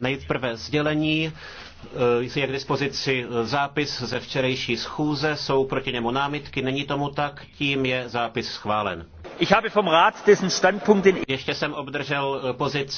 Nejprve sdělení eh, je k dispozici eh, zápis ze včerejší schůze, jsou proti němu námitky, není tomu tak, tím je zápis schválen. Ještě jsem obdržel eh, pozici